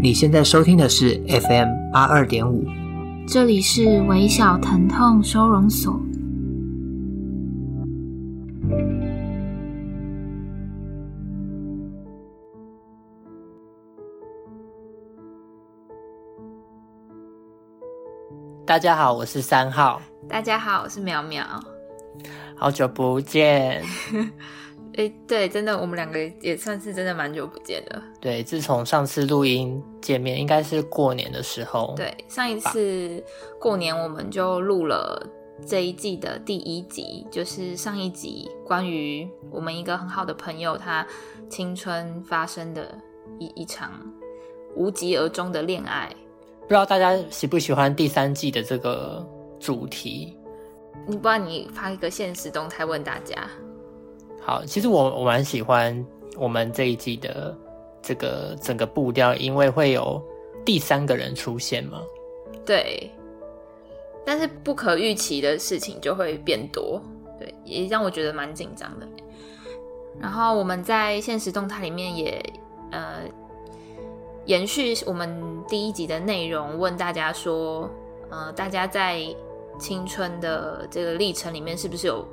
你現在收聽的是 FM 八二點五，這裡是微小疼痛收容所。大家好，我是三號。大家好，我是苗苗。好久不見，哎、 欸，對，真的，我們兩個也算是真的蠻久不見的。對，自從上次錄音見面，應該是過年的時候。對，上一次過年我們就錄了這一季的第一集，就是上一集關於我們一個很好的朋友他青春發生的一一場無疾而終的戀愛。不知道大家喜不喜歡第三季的這個主題？你不然你發一個現實動態問大家。好，其實我我蠻喜歡我們這一集的這個整個步調，因為會有第三個人出現嘛。對，但是不可預期的事情就會變多，對，也讓我覺得蠻緊張的。然後我們在現實動態裡面也呃延續我們第一集的內容，問大家說，呃，大家在。青春的這個歷程裡面，是不是有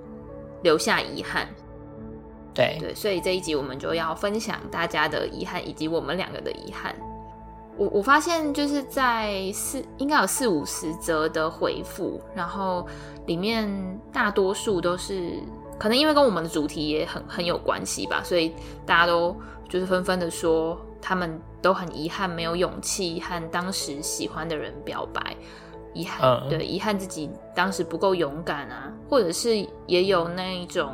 留下遺憾？對對，所以這一集我們就要分享大家的遺憾，以及我們兩個的遺憾。我我發現就是在四應該有四五十則的回復，然後裡面大多數都是可能因為跟我們的主題也很很有關係吧，所以大家都就是紛紛的說，他們都很遺憾，沒有勇氣和當時喜歡的人表白。遺憾，對，遺憾自己當時不夠勇敢啊，或者是也有那一種，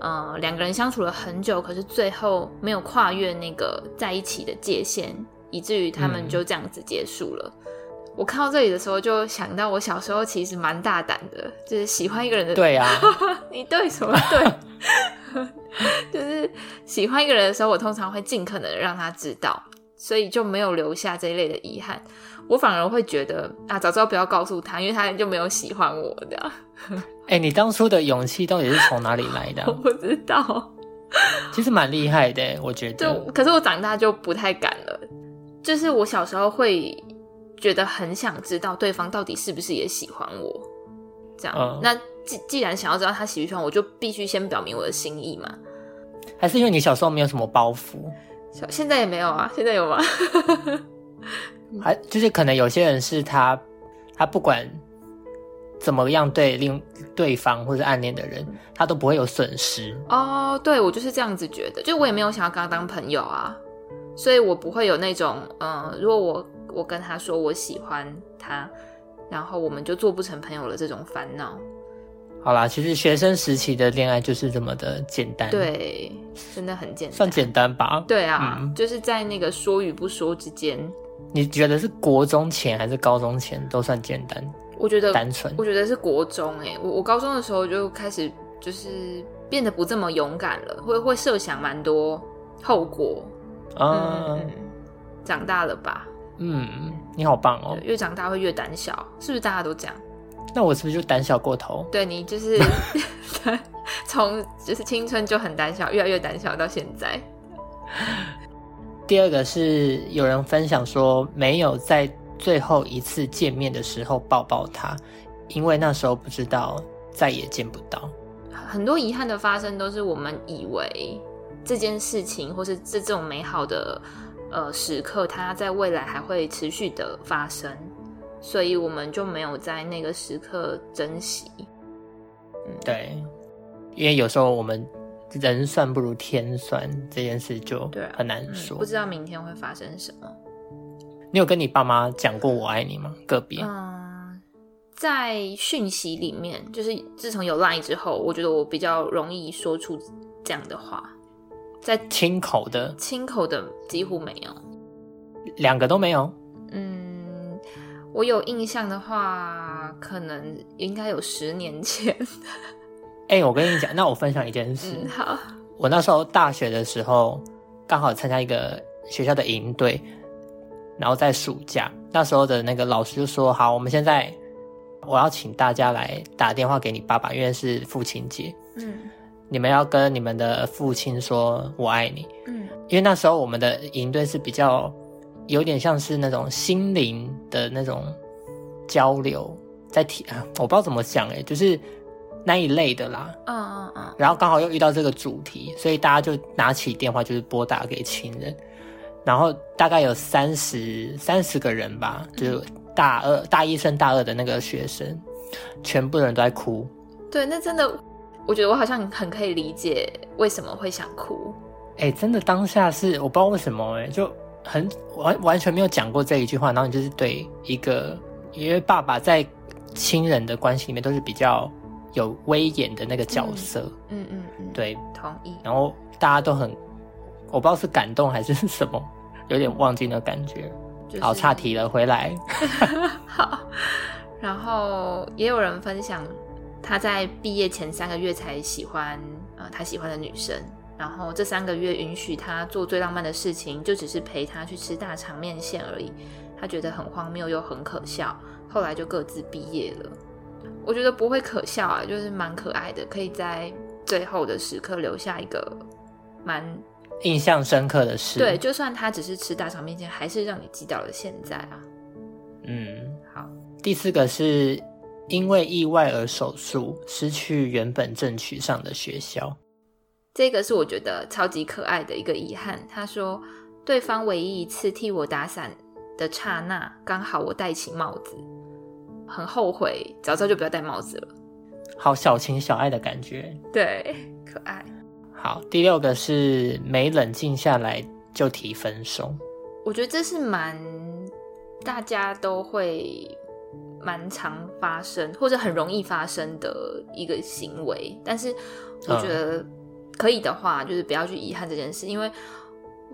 呃，兩個人相處了很久，可是最後沒有跨越那個在一起的界限，以至於他們就這樣子結束了。嗯。我看到這裡的時候，就想到我小時候其實蠻大膽的，就是喜歡一個人的。對啊， 你對什麼對？ 就是喜歡一個人的時候，我通常會盡可能的讓他知道。所以就沒有留下這一類的遺憾，我反而會覺得啊，早知道不要告訴他，因為他就沒有喜歡我的。哎 欸，你當初的勇氣到底是從哪裡來的、啊？我不知道，其實蠻厲害的，我覺得。就可是我長大就不太敢了，就是我小時候會覺得很想知道對方到底是不是也喜歡我，這樣。哦、那既既然想要知道他喜不喜歡，我就必須先表明我的心意嘛。還是因為你小時候沒有什麼包袱。現在也沒有啊，現在有嗎？還 就是可能有些人是他，他不管怎麼樣對另對方或者是暗戀的人，他都不會有損失哦。對，我就是這樣子覺得，就我也沒有想要跟他當朋友啊，所以我不會有那種嗯，如果我我跟他說我喜歡他，然後我們就做不成朋友了這種煩惱。好啦，其實學生時期的戀愛就是這麼的簡單，對，真的很簡單，算簡單吧？對啊，嗯、就是在那個說與不說之間。你覺得是國中前還是高中前都算簡單？我覺得單純，我覺得是國中誒、欸，我我高中的時候就開始就是變得不這麼勇敢了，會會設想蠻多後果。啊、嗯，嗯，長大了吧？嗯，你好棒哦，越長大會越膽小，是不是大家都這樣？那我是不是就膽小過頭？對你就是 從就是青春就很膽小，越來越膽小到現在。第二個是有人分享說，沒有在最後一次見面的時候抱抱他，因為那時候不知道再也見不到。很多遺憾的發生，都是我們以為這件事情，或是這種美好的呃時刻，它在未來還會持續的發生。所以，我們就沒有在那個時刻珍惜，嗯。對，因為有時候我們人算不如天算，這件事就很難說，對啊，嗯，不知道明天會發生什麼？你有跟你爸媽講過我愛你嗎？個別。嗯，在訊息裡面，就是自從有 Line 之後，我覺得我比較容易說出這樣的話。在親口的，親口的幾乎沒有，兩個都沒有。我有印象的話，可能應該有十年前。哎、 欸，我跟你講，那我分享一件事。嗯，好。我那時候大學的時候，剛好參加一個學校的營隊，然後在暑假，那時候的那個老師就說：“好，我們現在我要請大家來打電話給你爸爸，因為是父親節。”嗯。你們要跟你們的父親說“我愛你”。嗯。因為那時候我們的營隊是比較。有點像是那種心靈的那種交流，在提啊，我不知道怎麼講誒、欸，就是那一類的啦。啊啊啊，然後剛好又遇到這個主題，所以大家就拿起電話就是撥打給親人，然後大概有三十三十個人吧，就是大二、嗯、大一升大二的那個學生，全部人都在哭。對，那真的，我覺得我好像很可以理解為什麼會想哭。哎、欸，真的當下是我不知道為什麼哎、欸、就。很完完全沒有講過這一句話，然後就是對一個，因為爸爸在親人的關係裡面都是比較有威嚴的那個角色，嗯嗯，嗯嗯嗯，對，同意。然後大家都很，我不知道是感動還是什麼，有點忘記那感覺。嗯就是、好，岔題了，回來。 好。然後也有人分享，他在畢業前三個月才喜歡，呃，他喜歡的女生。然後這三個月允許他做最浪漫的事情，就只是陪他去吃大腸麵線而已。他覺得很荒謬又很可笑。後來就各自畢業了。我覺得不會可笑啊，就是蠻可愛的，可以在最後的時刻留下一個蠻印象深刻的事。對，就算他只是吃大腸麵線，還是讓你記到了現在啊。嗯，好。第四個是因為意外而手術，失去原本正取上的學校。這個是我覺得超級可愛的一個遺憾。他說，對方唯一一次替我打傘的剎那，剛好我戴起帽子，很後悔，早早就不要戴帽子了。好小情小愛的感覺，對，可愛。好，第六個是沒冷靜下來就提分手。我覺得這是蠻大家都會蠻常發生，或者很容易發生的一個行為，但是我覺得，嗯。可以的話，就是不要去遺憾這件事，因為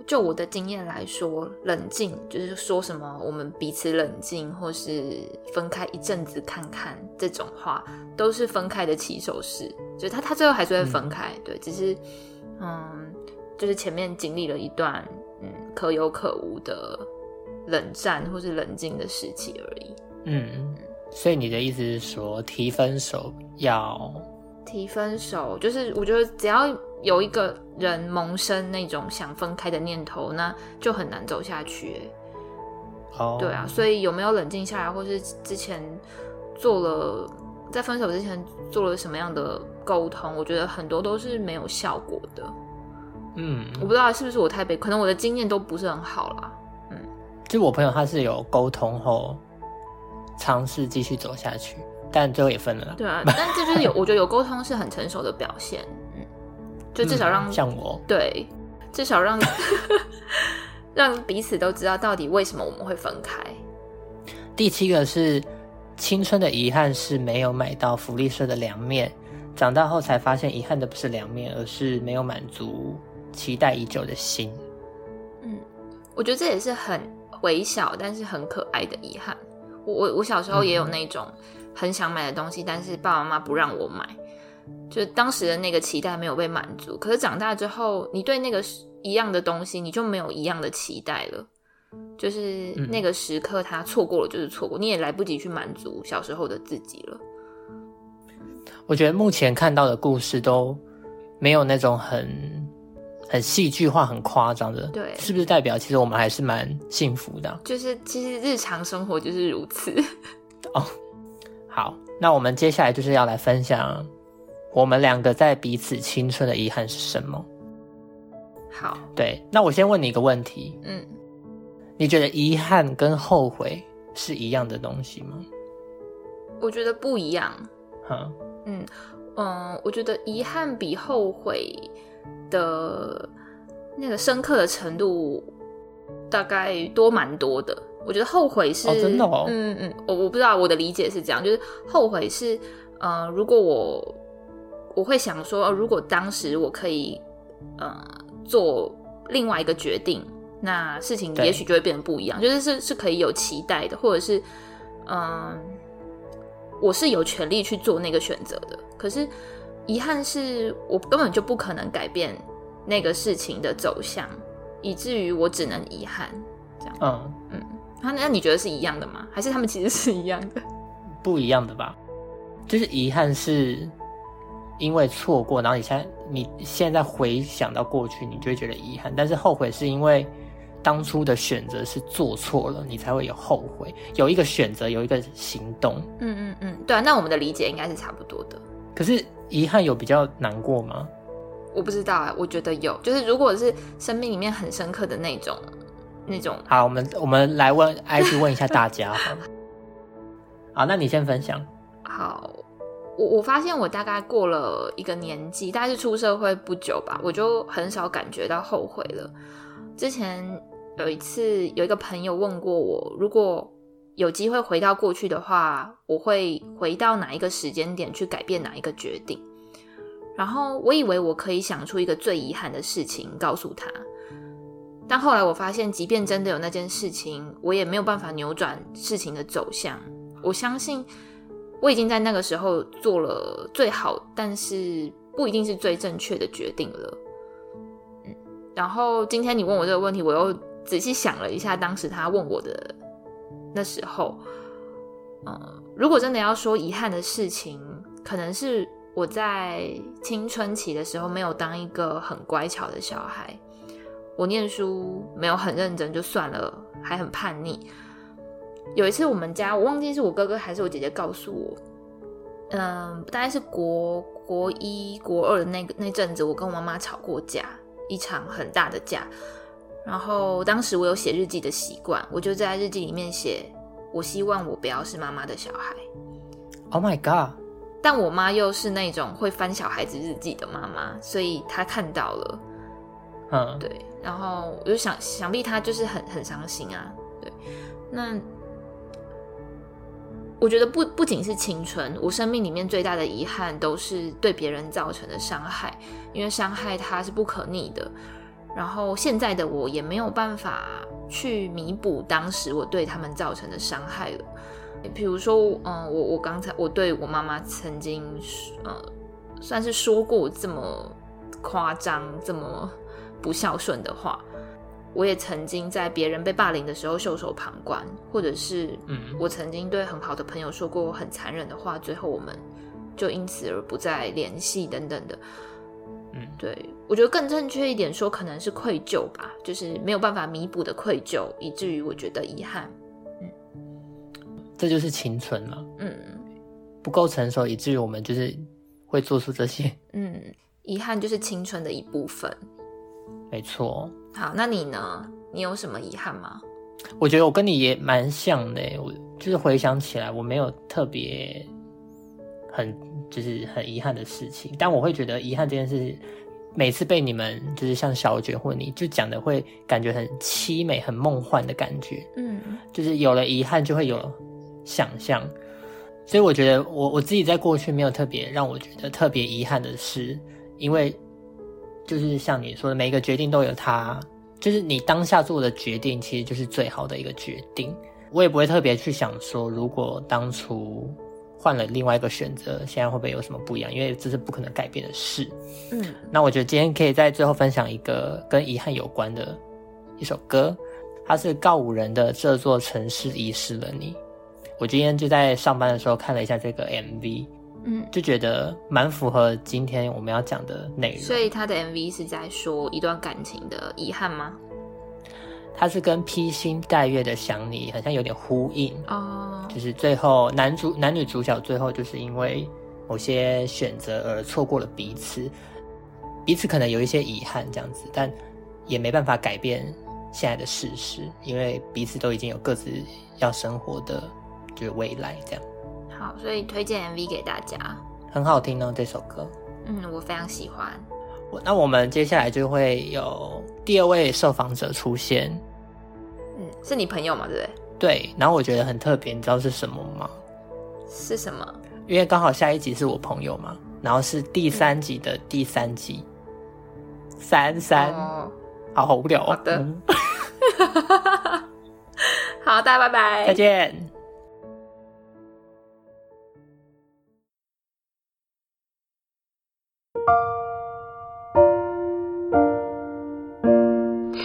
就我的經驗來說，冷靜就是說什麼我們彼此冷靜，或是分開一陣子看看這種話，都是分開的起手式，就是他他最後還是會分開，嗯、對，只是嗯，就是前面經歷了一段嗯可有可無的冷戰或是冷靜的時期而已。嗯，所以你的意思是說，提分手要提分手，就是我覺得只要。有一個人萌生那種想分開的念頭，那就很難走下去欸。哦，oh. 對啊，所以有沒有冷靜下來，或是之前做了，在分手之前做了什麼樣的溝通？我覺得很多都是沒有效果的。嗯，我不知道是不是我太悲，可能我的經驗都不是很好啦。嗯，就我朋友他是有溝通後嘗試繼續走下去，但最後也分了。對啊，但這就是有， 我覺得有溝通是很成熟的表現。就至少讓，嗯、像我，對，至少讓， 讓彼此都知道到底為什麼我們會分開。第七個是青春的遺憾是沒有買到福利社的涼麵，長大後才發現遺憾的不是涼麵，而是沒有滿足期待已久的心。嗯，我覺得這也是很微小但是很可愛的遺憾。我我我小時候也有那種很想買的東西，嗯、哼但是爸爸媽媽不讓我買。就當時的那個期待沒有被滿足，可是長大之後，你對那個一樣的東西，你就沒有一樣的期待了。就是那個時刻，他錯過了，就是錯過，嗯，你也來不及去滿足小時候的自己了。我覺得目前看到的故事都沒有那種很很戲劇化、很誇張的，對，是不是代表其實我們還是蠻幸福的？就是其實日常生活就是如此。哦，好，那我們接下來就是要來分享。我們兩個在彼此青春的遺憾是什麼？好，對，那我先問你一個問題，嗯，你覺得遺憾跟後悔是一樣的東西嗎？我覺得不一樣。哈嗯嗯，我覺得遺憾比後悔的那個深刻的程度大概多蠻多的。我覺得後悔是，哦、真的哦，嗯嗯，我、嗯、我不知道我的理解是這樣，就是後悔是，嗯，如果我。我會想說，哦，如果當時我可以，呃，做另外一個決定，那事情也許就會變得不一樣。對就是是是可以有期待的，或者是，嗯、呃，我是有權利去做那個選擇的。可是遺憾是我根本就不可能改變那個事情的走向，以至於我只能遺憾這樣。嗯嗯，那、嗯、那你覺得是一樣的嗎？還是他們其實是一樣的？不一樣的吧，就是遺憾是。因為錯過，然後你現在你現在回想到過去，你就會覺得遺憾。但是後悔是因為當初的選擇是做錯了，你才會有後悔。有一個選擇，有一個行動。嗯嗯嗯，對啊，那我們的理解應該是差不多的。可是遺憾有比較難過嗎？我不知道啊，我覺得有。就是如果是生命裡面很深刻的那種，那種。好，我們我們來問，哎，去問一下大家好， 好，那你先分享。好。我我發現我大概過了一個年紀，大概是出社會不久吧，我就很少感覺到後悔了。之前有一次有一個朋友問過我，如果有機會回到過去的話，我會回到哪一個時間點去改變哪一個決定？然後我以為我可以想出一個最遺憾的事情告訴他，但後來我發現，即便真的有那件事情，我也沒有辦法扭轉事情的走向。我相信。我已經在那個時候做了最好，但是不一定是最正確的決定了。嗯，然後今天你問我這個問題，我又仔細想了一下，當時他問我的那時候，嗯，如果真的要說遺憾的事情，可能是我在青春期的時候沒有當一個很乖巧的小孩，我念書沒有很認真就算了，還很叛逆。有一次，我們家我忘記是我哥哥還是我姐姐告訴我，嗯、呃，大概是國國一、國二的那個那陣子，我跟我媽媽吵過架，一場很大的架。然後當時我有寫日記的習慣，我就在日記裡面寫：“我希望我不要是媽媽的小孩。” Oh my god！但我媽又是那種會翻小孩子日記的媽媽，所以她看到了。嗯，Huh. 對。然後我就想想必她就是很很傷心啊。對，那。我覺得不不僅是青春，我生命裡面最大的遺憾都是對別人造成的傷害，因為傷害它是不可逆的，然後現在的我也沒有辦法去彌補當時我對他們造成的傷害了。比如說，嗯、呃，我我剛才我對我媽媽曾經，呃，算是說過這麼誇張、這麼不孝順的話。我也曾經在別人被霸凌的時候袖手旁觀，或者是我曾經對很好的朋友說過很殘忍的話，最後我們就因此而不再聯繫等等的。嗯，對，我覺得更正確一點說，可能是愧疚吧，就是沒有辦法彌補的愧疚，以至於我覺得遺憾。嗯，這就是青春了。嗯，不夠成熟，以至於我們就是會做出這些。嗯，遺憾就是青春的一部分。沒錯。好，那你呢？你有什麼遺憾嗎？我覺得我跟你也蠻像的，我就是回想起來，我沒有特別很就是很遺憾的事情，但我會覺得遺憾這件事，每次被你們就是像小卷或你就講的，會感覺很淒美、很夢幻的感覺。嗯，就是有了遺憾就會有想象，所以我覺得我我自己在過去沒有特別讓我覺得特別遺憾的事，因為。就是像你說的，每一個決定都有它，就是你當下做的決定，其實就是最好的一個決定。我也不會特別去想說，如果當初換了另外一個選擇，現在會不會有什麼不一樣？因為這是不可能改變的事。嗯，那我覺得今天可以在最後分享一個跟遺憾有關的一首歌，它是告五人的《這座城市遺失了你》。我今天就在上班的時候看了一下這個 MV。嗯，就覺得蠻符合今天我們要講的內容。嗯，所以他的 MV 是在說一段感情的遺憾嗎？他是跟披星戴月的想你好像有點呼應哦，就是最後男主、男女主角最後就是因為某些選擇而錯過了彼此，彼此可能有一些遺憾這樣子，但也沒辦法改變現在的事實，因為彼此都已經有各自要生活的就是未來這樣。好，所以推薦 MV 給大家，很好聽哦，這首歌，嗯，我非常喜歡。我那我們接下來就會有第二位受訪者出現，嗯，是你朋友嗎？對不對？對，然後我覺得很特別，你知道是什麼嗎？是什麼？因為剛好下一集是我朋友嘛，然後是第三集的第三集，嗯、三三，哦、好，好無聊哦。好的， 好，大家拜拜，再見。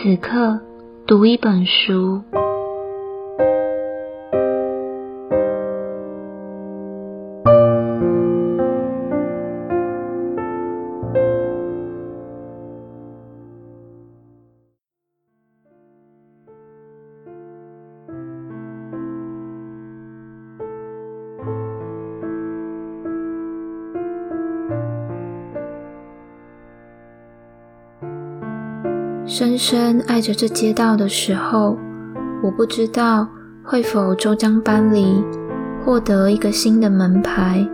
此刻，讀一本書。深深愛着這街道的時候，我不知道會否終將搬離，獲得一個新的門牌，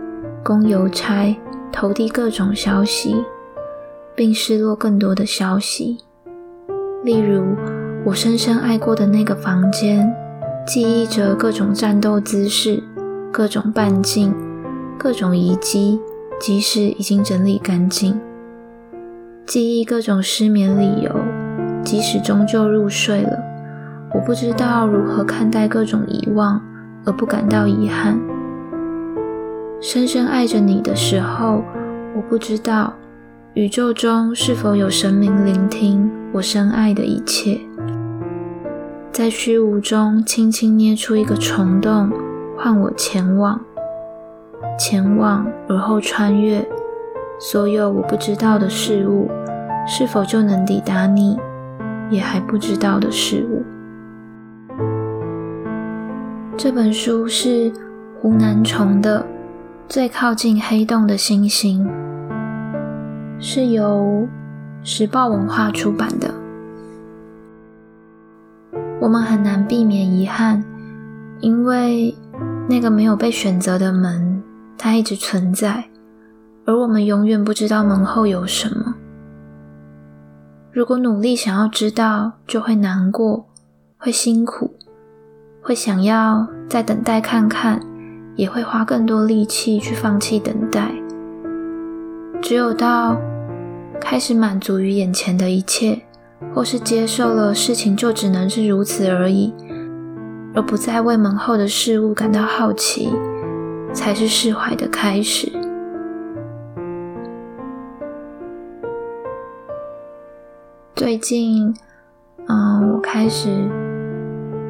供郵差投遞各種消息，並失落更多的消息。例如，我深深愛過的那個房間，記憶着各種戰鬥姿勢、各種半徑、各種遺跡，即使已經整理乾淨，記憶各種失眠理由。即使終究入睡了，我不知道如何看待各種遺忘而不感到遺憾。深深愛着你的時候，我不知道宇宙中是否有神明聆聽我深愛的一切，在虛無中輕輕捏出一個蟲洞，喚我前往，前往而後穿越所有我不知道的事物，是否就能抵達你？也還不知道的事物。這本書是湖南蟲的《最靠近黑洞的星星》，是由時報文化出版的。我們很難避免遺憾，因為那個沒有被選擇的門，它一直存在，而我們永遠不知道門後有什麼。如果努力想要知道，就會難過，會辛苦，會想要再等待看看，也會花更多力氣去放棄等待。只有到開始滿足於眼前的一切，或是接受了事情就只能是如此而已，而不再為門後的事物感到好奇，才是釋懷的開始。最近，嗯，我開始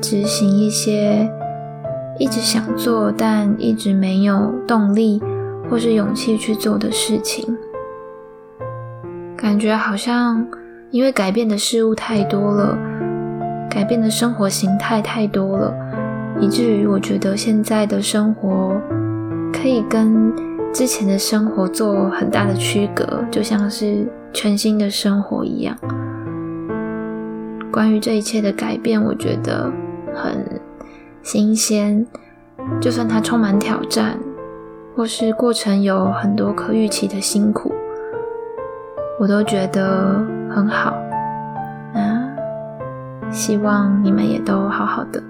執行一些一直想做但一直沒有動力或是勇氣去做的事情。感覺好像因為改變的事物太多了，改變的生活形態太多了，以至於我覺得現在的生活可以跟之前的生活做很大的區隔，就像是全新的生活一樣。關於這一切的改變，我覺得很新鮮。就算它充滿挑戰，或是過程有很多可預期的辛苦，我都覺得很好。那，啊，希望你們也都好好的。